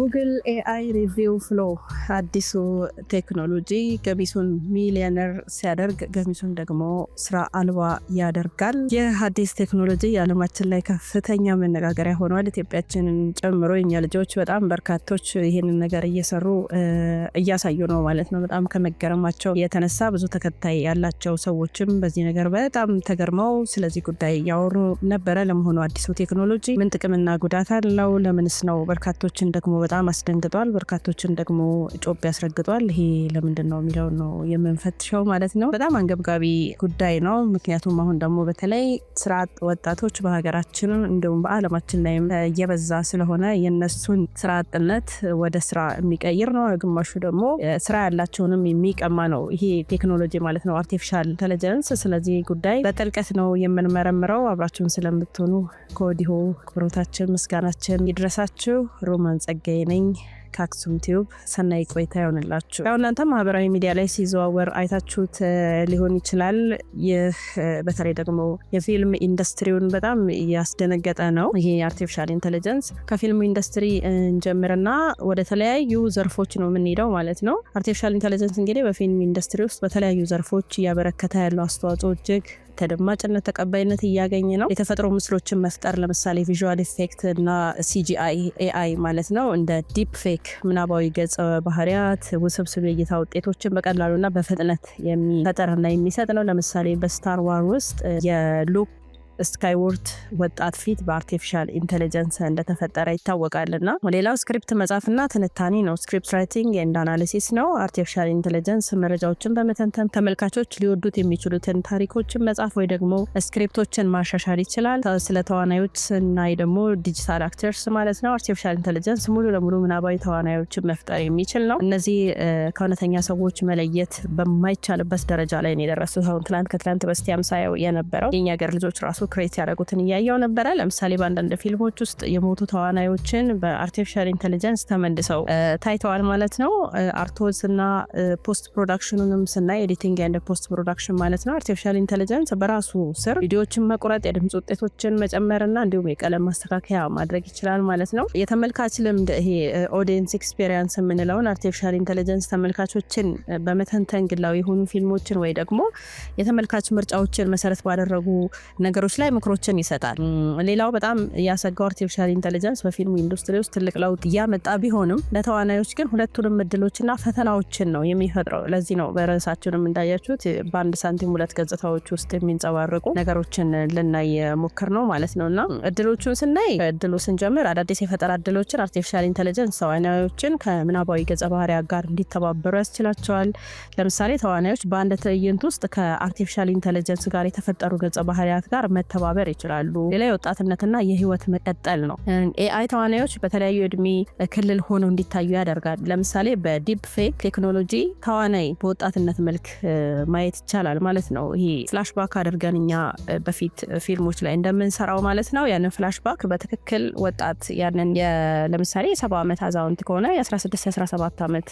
Google AI Review Vlog. አዲሱ ቴክኖሎጂ ገሚሱን ሚሊዮነር ሲያደርግ ገሚሱን ደግሞ ስራ አልባ ያደርጋል። ይህ አዲስ ቴክኖሎጂ የዓለማችን ላይ ከፍተኛ መነጋገሪያ ሆኗል። ኢትዮጵያችንን ጨምሮ የኛ ልጆች በጣም በርካቶች ይህንን ነገር እየሰሩ እያሳዩ ነው ማለት ነው። በጣም ከመገረማቸው የተነሳ ብዙ ተከታይ ያላቸው ሰዎችም በዚህ ነገር በጣም ተገርመው ስለዚህ ጉዳይ እያወሩ ነበረ። ለመሆኑ አዲሱ ቴክኖሎጂ ምን ጥቅምና ጉዳት አለው? ለምንስ ነው? በርካቶችን ደግሞ በጣም አስደንግጧል። በርካቶችን ደግሞ ጮቤ ያስረግጧል። ይሄ ለምንድን ነው የሚለው ነው የምንፈትሸው ማለት ነው። በጣም አንገብጋቢ ጉዳይ ነው። ምክንያቱም አሁን ደግሞ በተለይ ስራ አጥ ወጣቶች በሀገራችን እንዲሁም በዓለማችን ላይ እየበዛ ስለሆነ የነሱን ስራ አጥነት ወደ ስራ የሚቀይር ነው። ግማሹ ደግሞ ስራ ያላቸውንም የሚቀማ ነው። ይሄ ቴክኖሎጂ ማለት ነው፣ አርቲፊሻል ኢንተለጀንስ። ስለዚህ ጉዳይ በጥልቀት ነው የምንመረምረው። አብራችሁን ስለምትሆኑ ከወዲሁ ክብሮታችን ምስጋናችን ይድረሳችሁ። ሮማን ጸጋዬ ነኝ። ከአክሱም ቲዩብ ሰናይ ቆይታ ይሆንላችሁ። ያው እናንተ ማህበራዊ ሚዲያ ላይ ሲዘዋወር አይታችሁት ሊሆን ይችላል። ይህ በተለይ ደግሞ የፊልም ኢንዱስትሪውን በጣም ያስደነገጠ ነው። ይሄ አርቲፊሻል ኢንቴሊጀንስ ከፊልም ኢንዱስትሪ እንጀምርና ወደ ተለያዩ ዘርፎች ነው የምንሄደው ማለት ነው። አርቲፊሻል ኢንቴሊጀንስ እንግዲህ በፊልም ኢንዱስትሪ ውስጥ በተለያዩ ዘርፎች እያበረከተ ያለው አስተዋጽኦ እጅግ ተደማጭነት ተቀባይነት እያገኘ ነው። የተፈጥሮ ምስሎችን መፍጠር ለምሳሌ ቪዥዋል ኢፌክት እና ሲጂአይ ኤአይ ማለት ነው እንደ ዲፕ ፌክ ምናባዊ ገጸ ባህሪያት ውስብስብ የእይታ ውጤቶችን በቀላሉና በፍጥነት የሚፈጠርና የሚሰጥ ነው። ለምሳሌ በስታር ዋር ውስጥ የሉክ ስካይወርድ ወጣት ፊት በአርቲፊሻል ኢንቴሊጀንስ እንደተፈጠረ ይታወቃል። ና ሌላው ስክሪፕት መጻፍና ትንታኔ ነው። ስክሪፕት ራይቲንግ ኤንድ አናሊሲስ ነው። አርቲፊሻል ኢንቴሊጀንስ መረጃዎችን በመተንተን ተመልካቾች ሊወዱት የሚችሉትን ታሪኮችን መጻፍ ወይ ደግሞ ስክሪፕቶችን ማሻሻል ይችላል። ስለ ተዋናዮች ስናይ ደግሞ ዲጂታል አክተርስ ማለት ነው። አርቲፊሻል ኢንቴሊጀንስ ሙሉ ለሙሉ ምናባዊ ተዋናዮችን መፍጠር የሚችል ነው። እነዚህ ከእውነተኛ ሰዎች መለየት በማይቻልበት ደረጃ ላይ ነው የደረሱት። አሁን ትናንት በስቲያም ሳየው የነበረው የኛ ሀገር ልጆች ራሱ ክሬት ያደረጉትን እያየው ነበረ። ለምሳሌ በአንዳንድ ፊልሞች ውስጥ የሞቱ ተዋናዮችን በአርቲፊሻል ኢንቴሊጀንስ ተመልሰው ታይተዋል ማለት ነው። አርቶዝ እና ፖስት ፕሮዳክሽኑንም ስናይ ኤዲቲንግ ያንድ ፖስት ፕሮዳክሽን ማለት ነው። አርቲፊሻል ኢንቴሊጀንስ በራሱ ስር ቪዲዮዎችን መቁረጥ፣ የድምፅ ውጤቶችን መጨመርና እንዲሁም የቀለም ማስተካከያ ማድረግ ይችላል ማለት ነው። የተመልካች ልምድ ይሄ ኦዲየንስ ኤክስፔሪንስ የምንለውን አርቲፊሻል ኢንቴሊጀንስ ተመልካቾችን በመተንተን ግላዊ የሆኑ ፊልሞችን ወይ ደግሞ የተመልካች ምርጫዎችን መሰረት ባደረጉ ነገሮች ላይ ምክሮችን ይሰጣል። ሌላው በጣም ያሰጋው አርቲፊሻል ኢንቴሊጀንስ በፊልም ኢንዱስትሪ ውስጥ ትልቅ ለውጥ እያመጣ ቢሆንም ለተዋናዮች ግን ሁለቱንም እድሎችና ፈተናዎችን ነው የሚፈጥረው። ለዚህ ነው በርዕሳችንም እንዳያችሁት በአንድ ሳንቲም ሁለት ገጽታዎች ውስጥ የሚንጸባረቁ ነገሮችን ልናይ ሞክር ነው ማለት ነው እና እድሎቹን ስናይ እድሉ ስንጀምር አዳዲስ የፈጠራ እድሎችን አርቲፊሻል ኢንቴሊጀንስ ተዋናዮችን ከምናባዊ ገጸ ባህሪያ ጋር እንዲተባበሩ ያስችላቸዋል። ለምሳሌ ተዋናዮች በአንድ ትዕይንት ውስጥ ከአርቲፊሻል ኢንቴሊጀንስ ጋር የተፈጠሩ ገጸ ባህሪያት ጋር መ መተባበር ይችላሉ። ሌላ የወጣትነትና የህይወት መቀጠል ነው። ኤአይ ተዋናዮች በተለያዩ የእድሜ ክልል ሆነው እንዲታዩ ያደርጋል። ለምሳሌ በዲፕ ፌክ ቴክኖሎጂ ተዋናይ በወጣትነት መልክ ማየት ይቻላል ማለት ነው። ይሄ ፍላሽባክ አድርገን እኛ በፊት ፊልሞች ላይ እንደምንሰራው ማለት ነው። ያንን ፍላሽባክ በትክክል ወጣት ያንን ለምሳሌ የሰባ ዓመት አዛውንት ከሆነ የ16 17 ዓመት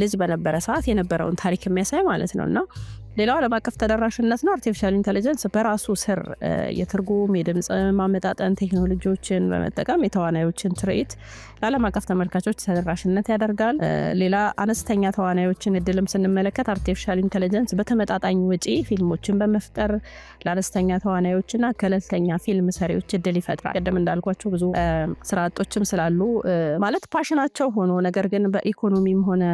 ልጅ በነበረ ሰዓት የነበረውን ታሪክ የሚያሳይ ማለት ነው እና ሌላው ዓለም አቀፍ ተደራሽነት ነው። አርቲፊሻል ኢንቴሊጀንስ በራሱ ስር የትርጉም የድምፅ ማመጣጠን ቴክኖሎጂዎችን በመጠቀም የተዋናዮችን ትርኢት ለዓለም አቀፍ ተመልካቾች ተደራሽነት ያደርጋል። ሌላ አነስተኛ ተዋናዮችን እድልም ስንመለከት አርቲፊሻል ኢንቴሊጀንስ በተመጣጣኝ ወጪ ፊልሞችን በመፍጠር ለአነስተኛ ተዋናዮችና ገለልተኛ ፊልም ሰሪዎች እድል ይፈጥራል። ቅድም እንዳልኳቸው ብዙ ስራ አጦችም ስላሉ ማለት ፓሽናቸው ሆኖ ነገር ግን በኢኮኖሚም ሆነ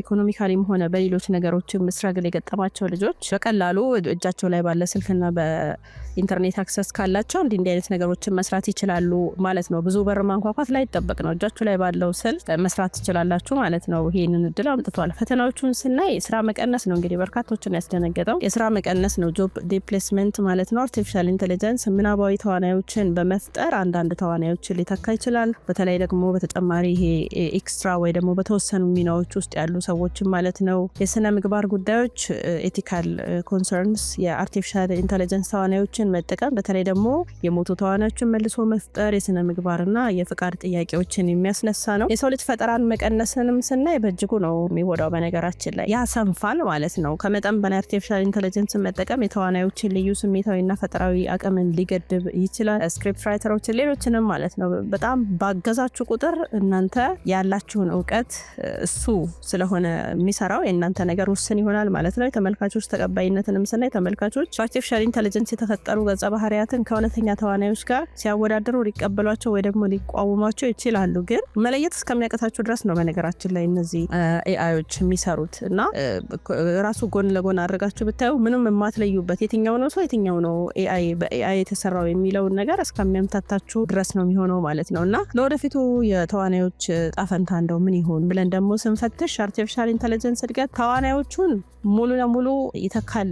ኢኮኖሚካሊም ሆነ በሌሎች ነገሮችም ስራግል የገጠማቸው ልጆች ልጆች በቀላሉ እጃቸው ላይ ባለ ስልክና በኢንተርኔት አክሰስ ካላቸው እንዲህ እንዲህ አይነት ነገሮችን መስራት ይችላሉ ማለት ነው። ብዙ በር ማንኳኳት ላይ ይጠበቅ ነው። እጃችሁ ላይ ባለው ስልክ መስራት ትችላላችሁ ማለት ነው። ይህንን እድል አምጥቷል። ፈተናዎቹን ስናይ ስራ መቀነስ ነው እንግዲህ በርካቶችን ያስደነገጠው የስራ መቀነስ ነው። ጆብ ዲፕሌስመንት ማለት ነው። አርቲፊሻል ኢንቴሊጀንስ ምናባዊ ተዋናዮችን በመፍጠር አንዳንድ ተዋናዮችን ሊተካ ይችላል። በተለይ ደግሞ በተጨማሪ ይሄ ኤክስትራ ወይ ደግሞ በተወሰኑ ሚናዎች ውስጥ ያሉ ሰዎችን ማለት ነው። የስነ ምግባር ጉዳዮች ኤቲካ ኤቲካል ኮንሰርንስ የአርቲፊሻል ኢንቴሊጀንስ ተዋናዮችን መጠቀም በተለይ ደግሞ የሞቱ ተዋናዮችን መልሶ መፍጠር የስነ ምግባርና የፍቃድ ጥያቄዎችን የሚያስነሳ ነው። የሰው ልጅ ፈጠራን መቀነስንም ስናይ በእጅጉ ነው የሚወዳው። በነገራችን ላይ ያሰንፋል ማለት ነው። ከመጠን በላይ አርቲፊሻል ኢንቴሊጀንስን መጠቀም የተዋናዮችን ልዩ ስሜታዊና ፈጠራዊ አቅምን ሊገድብ ይችላል። ስክሪፕት ራይተሮችን፣ ሌሎችንም ማለት ነው። በጣም ባገዛችሁ ቁጥር እናንተ ያላችሁን እውቀት እሱ ስለሆነ የሚሰራው የእናንተ ነገር ውስን ይሆናል ማለት ነው። የተመልካቾች ተቀባይነትንም ስናይ ተመልካቾች በአርቲፊሻል ኢንቴሊጀንስ የተፈጠሩ ገጸ ባህሪያትን ከእውነተኛ ተዋናዮች ጋር ሲያወዳደሩ ሊቀበሏቸው ወይ ደግሞ ሊቋወሟቸው ይችላሉ። ግን መለየት እስከሚያቀታቸው ድረስ ነው በነገራችን ላይ እነዚህ ኤአዮች የሚሰሩት እና ራሱ ጎን ለጎን አድርጋችሁ ብታዩ ምንም የማትለዩበት የትኛው ነው ሰው የትኛው ነው ኤአይ በኤአይ የተሰራው የሚለውን ነገር እስከሚያምታታችሁ ድረስ ነው የሚሆነው ማለት ነው እና ለወደፊቱ የተዋናዮች ጣፈንታ እንደው ምን ይሆን ብለን ደግሞ ስንፈትሽ አርቲፊሻል ኢንቴሊጀንስ እድገት ተዋናዮቹን ሙሉ ለሙሉ ይተካል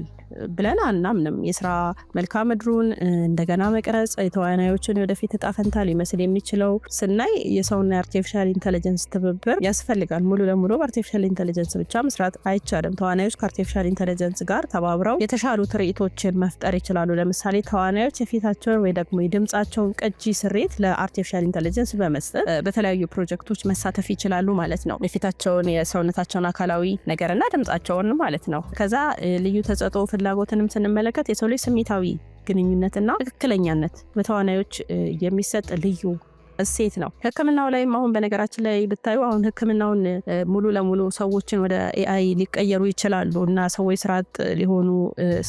ብለን አናምንም። የስራ መልክዓ ምድሩን እንደገና መቅረጽ፣ የተዋናዮችን ወደፊት እጣ ፈንታ ሊመስል የሚችለው ስናይ የሰውና የአርቲፊሻል ኢንቴሊጀንስ ትብብር ያስፈልጋል። ሙሉ ለሙሉ በአርቲፊሻል ኢንቴሊጀንስ ብቻ መስራት አይቻልም። ተዋናዮች ከአርቲፊሻል ኢንቴሊጀንስ ጋር ተባብረው የተሻሉ ትርኢቶችን መፍጠር ይችላሉ። ለምሳሌ ተዋናዮች የፊታቸውን ወይ ደግሞ የድምጻቸውን ቅጂ ስሬት ለአርቲፊሻል ኢንቴሊጀንስ በመስጠት በተለያዩ ፕሮጀክቶች መሳተፍ ይችላሉ ማለት ነው። የፊታቸውን የሰውነታቸውን አካላዊ ነገርና ድምጻቸውን ማለት ነው። ከዛ ልዩ ተሰጥኦ ፍላጎትንም ስንመለከት የሰው ልጅ ስሜታዊ ግንኙነትና ትክክለኛነት በተዋናዮች የሚሰጥ ልዩ እሴት ነው። ህክምናው ላይም አሁን በነገራችን ላይ ብታዩ አሁን ህክምናውን ሙሉ ለሙሉ ሰዎችን ወደ ኤአይ ሊቀየሩ ይችላሉ እና ሰዎች ስርዓት ሊሆኑ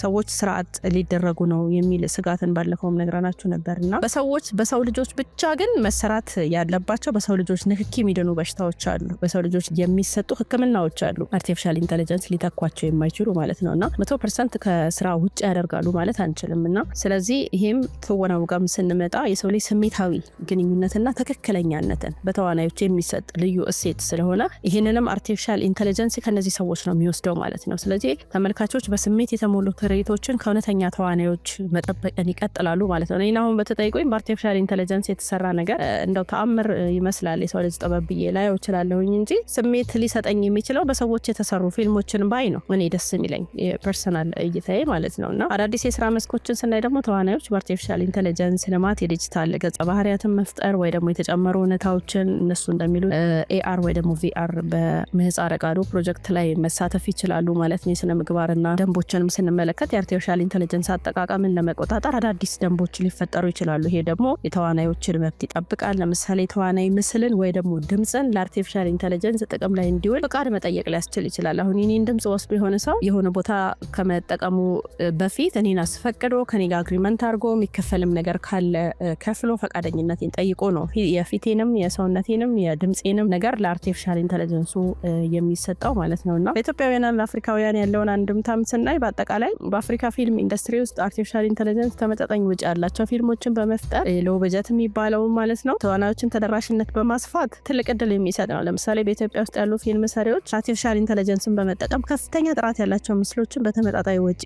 ሰዎች ስርዓት ሊደረጉ ነው የሚል ስጋትን ባለፈውም ነግረናችሁ ነበር እና በሰዎች በሰው ልጆች ብቻ ግን መሰራት ያለባቸው በሰው ልጆች ንክኪ የሚድኑ በሽታዎች አሉ። በሰው ልጆች የሚሰጡ ህክምናዎች አሉ። አርቲፊሻል ኢንቴሊጀንስ ሊተኳቸው የማይችሉ ማለት ነው እና መቶ ፐርሰንት ከስራ ውጭ ያደርጋሉ ማለት አንችልም እና ስለዚህ ይህም ትወናው ጋም ስንመጣ የሰው ላይ ስሜታዊ ግንኙነት እውነትና ትክክለኛነትን በተዋናዮች የሚሰጥ ልዩ እሴት ስለሆነ ይህንንም አርቲፊሻል ኢንቴሊጀንስ ከነዚህ ሰዎች ነው የሚወስደው ማለት ነው። ስለዚህ ተመልካቾች በስሜት የተሞሉ ትርኢቶችን ከእውነተኛ ተዋናዮች መጠበቅን ይቀጥላሉ ማለት ነው። ይህን አሁን በተጠይቆኝ በአርቲፊሻል ኢንቴሊጀንስ የተሰራ ነገር እንደው ተአምር ይመስላል የሰው ልጅ ጥበብ ብዬ ላየው እችላለሁኝ እንጂ ስሜት ሊሰጠኝ የሚችለው በሰዎች የተሰሩ ፊልሞችን ባይ ነው እኔ ደስ የሚለኝ የፐርሰናል እይታዬ ማለት ነው። እና አዳዲስ የስራ መስኮችን ስናይ ደግሞ ተዋናዮች በአርቲፊሻል ኢንቴሊጀንስ ልማት የዲጂታል ገጸ ባህሪያትን መፍጠር ወይ ደግሞ የተጨመሩ እውነታዎችን እነሱ እንደሚሉ ኤአር ወይ ደግሞ ቪአር በምህፃረ ቃሉ ፕሮጀክት ላይ መሳተፍ ይችላሉ ማለት ነው። የስነ ምግባርና ደንቦችንም ስንመለከት የአርቲፊሻል ኢንቴሊጀንስ አጠቃቀምን ለመቆጣጠር አዳዲስ ደንቦች ሊፈጠሩ ይችላሉ። ይሄ ደግሞ የተዋናዮችን መብት ይጠብቃል። ለምሳሌ ተዋናይ ምስልን ወይ ደግሞ ድምፅን ለአርቲፊሻል ኢንቴሊጀንስ ጥቅም ላይ እንዲውል ፈቃድ መጠየቅ ሊያስችል ይችላል። አሁን ይህን ድምፅ ወስዶ የሆነ ሰው የሆነ ቦታ ከመጠቀሙ በፊት እኔን አስፈቅዶ ከኔ ጋር አግሪመንት አድርጎ የሚከፈልም ነገር ካለ ከፍሎ ፈቃደኝነትን ጠይቆ ነው ነው የፊቴንም የሰውነቴንም የድምፄንም ነገር ለአርቲፊሻል ኢንቴሊጀንሱ የሚሰጠው ማለት ነው። እና በኢትዮጵያውያንና ለአፍሪካውያን ያለውን አንድምታም ስናይ በአጠቃላይ በአፍሪካ ፊልም ኢንዱስትሪ ውስጥ አርቲፊሻል ኢንቴሊጀንስ ተመጣጣኝ ውጭ ያላቸው ፊልሞችን በመፍጠር ሎ በጀት የሚባለው ማለት ነው ተዋናዮችን ተደራሽነት በማስፋት ትልቅ እድል የሚሰጥ ነው። ለምሳሌ በኢትዮጵያ ውስጥ ያሉ ፊልም ሰሪዎች አርቲፊሻል ኢንቴሊጀንስን በመጠቀም ከፍተኛ ጥራት ያላቸው ምስሎችን በተመጣጣኝ ወጪ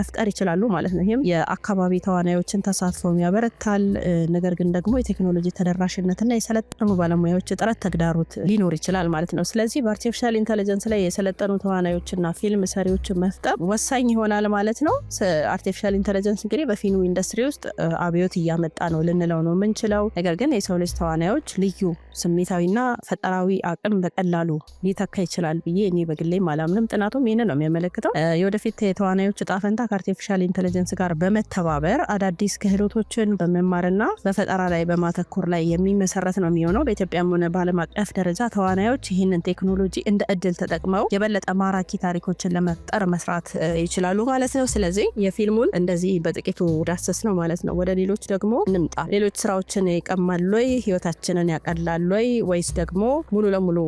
መፍጠር ይችላሉ ማለት ነው። ይህም የአካባቢ ተዋናዮችን ተሳትፎ ያበረታል። ነገር ግን ደግሞ የቴክኖሎጂ ተደ ተደራሽነትና የሰለጠኑ ባለሙያዎች እጥረት ተግዳሮት ሊኖር ይችላል ማለት ነው። ስለዚህ በአርቲፊሻል ኢንተለጀንስ ላይ የሰለጠኑ ተዋናዮችና ፊልም ሰሪዎችን መፍጠር ወሳኝ ይሆናል ማለት ነው። አርቲፊሻል ኢንተለጀንስ እንግዲህ በፊልም ኢንዱስትሪ ውስጥ አብዮት እያመጣ ነው ልንለው ነው የምንችለው። ነገር ግን የሰው ልጅ ተዋናዮች ልዩ ስሜታዊና ፈጠራዊ አቅም በቀላሉ ሊተካ ይችላል ብዬ እኔ በግሌም አላምንም። ጥናቱም ይህን ነው የሚያመለክተው። የወደፊት የተዋናዮች እጣ ፈንታ ከአርቲፊሻል ኢንተለጀንስ ጋር በመተባበር አዳዲስ ክህሎቶችን በመማርና በፈጠራ ላይ በማተኮር ላይ ላይ የሚመሰረት ነው የሚሆነው። በኢትዮጵያም ሆነ በዓለም አቀፍ ደረጃ ተዋናዮች ይህንን ቴክኖሎጂ እንደ እድል ተጠቅመው የበለጠ ማራኪ ታሪኮችን ለመፍጠር መስራት ይችላሉ ማለት ነው። ስለዚህ የፊልሙን እንደዚህ በጥቂቱ ዳሰስ ነው ማለት ነው። ወደ ሌሎች ደግሞ እንምጣ። ሌሎች ስራዎችን ይቀማሉ ወይ? ህይወታችንን ያቀላሉ ወይ? ወይስ ደግሞ ሙሉ ለሙሉ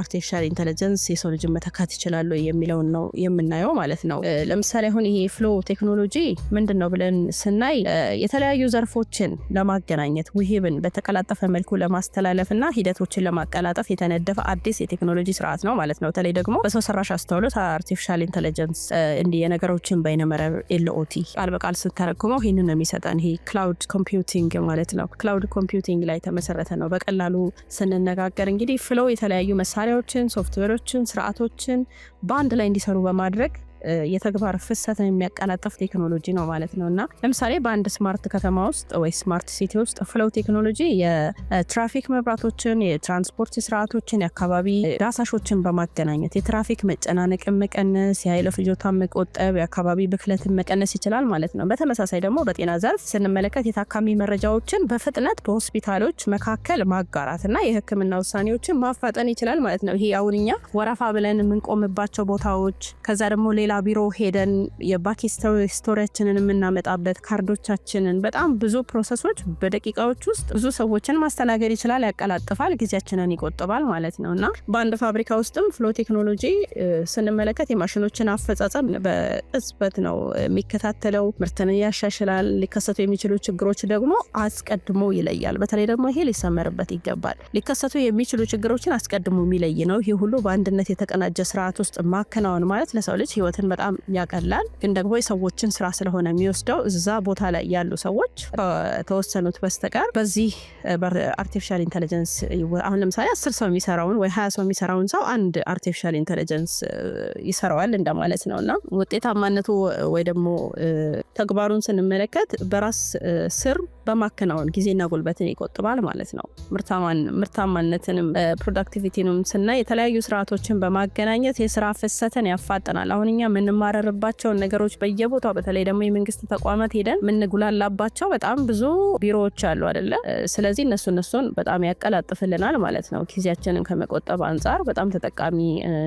አርቲፊሻል ኢንቴሊጀንስ የሰው ልጅ መተካት ይችላሉ የሚለውን ነው የምናየው ማለት ነው። ለምሳሌ አሁን ይሄ ፍሎ ቴክኖሎጂ ምንድን ነው ብለን ስናይ የተለያዩ ዘርፎችን ለማገናኘት ውሂብን በተቀላ በተቀላጠፈ መልኩ ለማስተላለፍና ሂደቶችን ለማቀላጠፍ የተነደፈ አዲስ የቴክኖሎጂ ስርዓት ነው ማለት ነው። በተለይ ደግሞ በሰው ሰራሽ አስተውሎት አርቲፊሻል ኢንቴሊጀንስ እንዲ የነገሮችን በይነመረብ ኤልኦቲ ቃል በቃል ስተረጉመው ይህንን ነው የሚሰጠን። ይሄ ክላውድ ኮምፒውቲንግ ማለት ነው። ክላውድ ኮምፒውቲንግ ላይ ተመሰረተ ነው። በቀላሉ ስንነጋገር እንግዲህ ፍሎው የተለያዩ መሳሪያዎችን፣ ሶፍትዌሮችን፣ ስርዓቶችን በአንድ ላይ እንዲሰሩ በማድረግ የተግባር ፍሰትን የሚያቀላጥፍ ቴክኖሎጂ ነው ማለት ነው እና ለምሳሌ በአንድ ስማርት ከተማ ውስጥ ወይ ስማርት ሲቲ ውስጥ ፍለው ቴክኖሎጂ የትራፊክ መብራቶችን፣ የትራንስፖርት ስርዓቶችን፣ የአካባቢ ዳሳሾችን በማገናኘት የትራፊክ መጨናነቅን መቀነስ፣ የኃይል ፍጆታን መቆጠብ፣ የአካባቢ ብክለትን መቀነስ ይችላል ማለት ነው። በተመሳሳይ ደግሞ በጤና ዘርፍ ስንመለከት የታካሚ መረጃዎችን በፍጥነት በሆስፒታሎች መካከል ማጋራት እና የህክምና ውሳኔዎችን ማፋጠን ይችላል ማለት ነው። ይሄ አሁን እኛ ወረፋ ብለን የምንቆምባቸው ቦታዎች ከዛ ደግሞ ሌላ ሌላ ቢሮ ሄደን የባክ ስቶሪያችንን የምናመጣበት ካርዶቻችንን፣ በጣም ብዙ ፕሮሰሶች በደቂቃዎች ውስጥ ብዙ ሰዎችን ማስተናገድ ይችላል፣ ያቀላጥፋል፣ ጊዜያችንን ይቆጥባል ማለት ነው እና በአንድ ፋብሪካ ውስጥም ፍሎ ቴክኖሎጂ ስንመለከት የማሽኖችን አፈጻጸም በቅጽበት ነው የሚከታተለው። ምርትን ያሻሽላል። ሊከሰቱ የሚችሉ ችግሮች ደግሞ አስቀድሞ ይለያል። በተለይ ደግሞ ይሄ ሊሰመርበት ይገባል። ሊከሰቱ የሚችሉ ችግሮችን አስቀድሞ የሚለይ ነው። ይህ ሁሉ በአንድነት የተቀናጀ ስርዓት ውስጥ ማከናወን ማለት ለሰው ልጅ ህይወት ሂደትን በጣም ያቀላል። ግን ደግሞ የሰዎችን ስራ ስለሆነ የሚወስደው እዛ ቦታ ላይ ያሉ ሰዎች ከተወሰኑት በስተቀር በዚህ አርቲፊሻል ኢንቴሊጀንስ አሁን ለምሳሌ አስር ሰው የሚሰራውን ወይ ሀያ ሰው የሚሰራውን ሰው አንድ አርቲፊሻል ኢንቴሊጀንስ ይሰራዋል እንደማለት ነው እና ውጤታማነቱ ወይ ደግሞ ተግባሩን ስንመለከት በራስ ስር በማከናወን ጊዜና ጉልበትን ይቆጥባል ማለት ነው። ምርታማነትንም ፕሮዳክቲቪቲንም ስናይ የተለያዩ ስርዓቶችን በማገናኘት የስራ ፍሰትን ያፋጠናል። አሁን እኛ የምንማረርባቸውን ነገሮች በየቦታው በተለይ ደግሞ የመንግስት ተቋማት ሄደን የምንጉላላባቸው በጣም ብዙ ቢሮዎች አሉ አደለ? ስለዚህ እነሱ እነሱን በጣም ያቀላጥፍልናል ማለት ነው። ጊዜያችንን ከመቆጠብ አንጻር በጣም ተጠቃሚ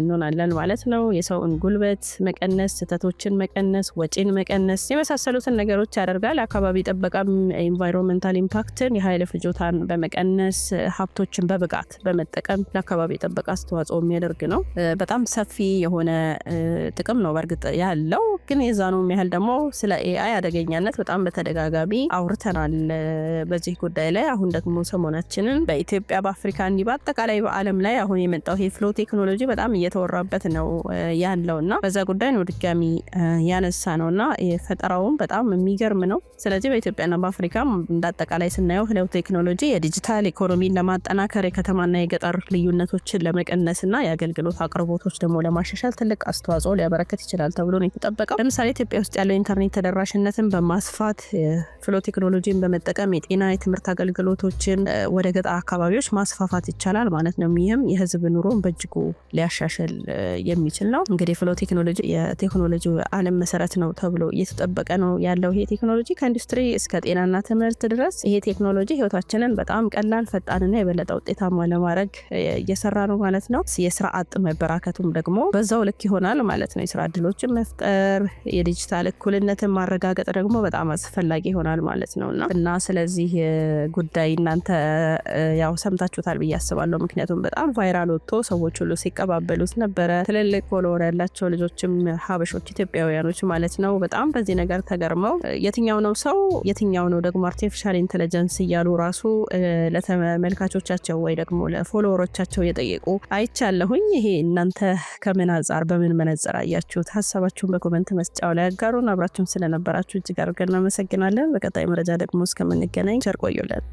እንሆናለን ማለት ነው። የሰውን ጉልበት መቀነስ፣ ስህተቶችን መቀነስ፣ ወጪን መቀነስ የመሳሰሉትን ነገሮች ያደርጋል። አካባቢ ጥበቃም ኢንቫይሮንመንታል ኢምፓክትን የሀይል ፍጆታን በመቀነስ ሀብቶችን በብቃት በመጠቀም ለአካባቢ ጥበቃ አስተዋጽኦ የሚያደርግ ነው። በጣም ሰፊ የሆነ ጥቅም ነው በእርግጥ ያለው ግን የዛኑም ያህል ደግሞ ስለ ኤአይ አደገኛነት በጣም በተደጋጋሚ አውርተናል በዚህ ጉዳይ ላይ። አሁን ደግሞ ሰሞናችንን በኢትዮጵያ በአፍሪካ እንዲህ በአጠቃላይ በዓለም ላይ አሁን የመጣው ይሄ ፍሎ ቴክኖሎጂ በጣም እየተወራበት ነው ያለው እና በዛ ጉዳይ ነው ድጋሚ ያነሳ ነው እና የፈጠራውም በጣም የሚገርም ነው። ስለዚህ በኢትዮጵያና በአፍሪካ እንዳጠቃላይ ስናየው ፍሎ ቴክኖሎጂ የዲጂታል ኢኮኖሚን ለማጠናከር የከተማና የገጠር ልዩነቶችን ለመቀነስና የአገልግሎት አቅርቦቶች ደግሞ ለማሻሻል ትልቅ አስተዋጽኦ ሊያበረክት ሊያበረከት ይችላል ተብሎ ነው የተጠበቀው። ለምሳሌ ኢትዮጵያ ውስጥ ያለው ኢንተርኔት ተደራሽነትን በማስፋት ፍሎ ቴክኖሎጂን በመጠቀም የጤና የትምህርት አገልግሎቶችን ወደ ገጠር አካባቢዎች ማስፋፋት ይቻላል ማለት ነው። ይህም የህዝብ ኑሮን በእጅጉ ሊያሻሽል የሚችል ነው። እንግዲህ ፍሎ ቴክኖሎጂ የቴክኖሎጂ ዓለም መሰረት ነው ተብሎ እየተጠበቀ ነው ያለው። ይሄ ቴክኖሎጂ ከኢንዱስትሪ እስከ ጤናና ትምህርት ድረስ ይሄ ቴክኖሎጂ ህይወታችንን በጣም ቀላል፣ ፈጣንና የበለጠ ውጤታማ ለማድረግ እየሰራ ነው ማለት ነው። የስራ አጥ መበራከቱም ደግሞ በዛው ልክ ይሆናል ማለት ነው። እድሎችን መፍጠር፣ የዲጂታል እኩልነትን ማረጋገጥ ደግሞ በጣም አስፈላጊ ይሆናል ማለት ነው እና ስለዚህ ጉዳይ እናንተ ያው ሰምታችሁታል ብዬ አስባለሁ። ምክንያቱም በጣም ቫይራል ወጥቶ ሰዎች ሁሉ ሲቀባበሉት ነበረ። ትልልቅ ፎሎወር ያላቸው ልጆችም ሀበሾች፣ ኢትዮጵያውያኖች ማለት ነው በጣም በዚህ ነገር ተገርመው የትኛው ነው ሰው የትኛው ነው ደግሞ አርቲፊሻል ኢንቴለጀንስ እያሉ ራሱ ለተመልካቾቻቸው ወይ ደግሞ ለፎሎወሮቻቸው እየጠየቁ አይቻለሁኝ። ይሄ እናንተ ከምን አንጻር በምን መነጽር አያችሁ? ያላችሁት? ሀሳባችሁን በኮመንት መስጫው ላይ አጋሩን። አብራችሁን ስለነበራችሁ እጅግ አድርገን እናመሰግናለን። በቀጣይ መረጃ ደግሞ እስከምንገናኝ ቸር ቆዩልን።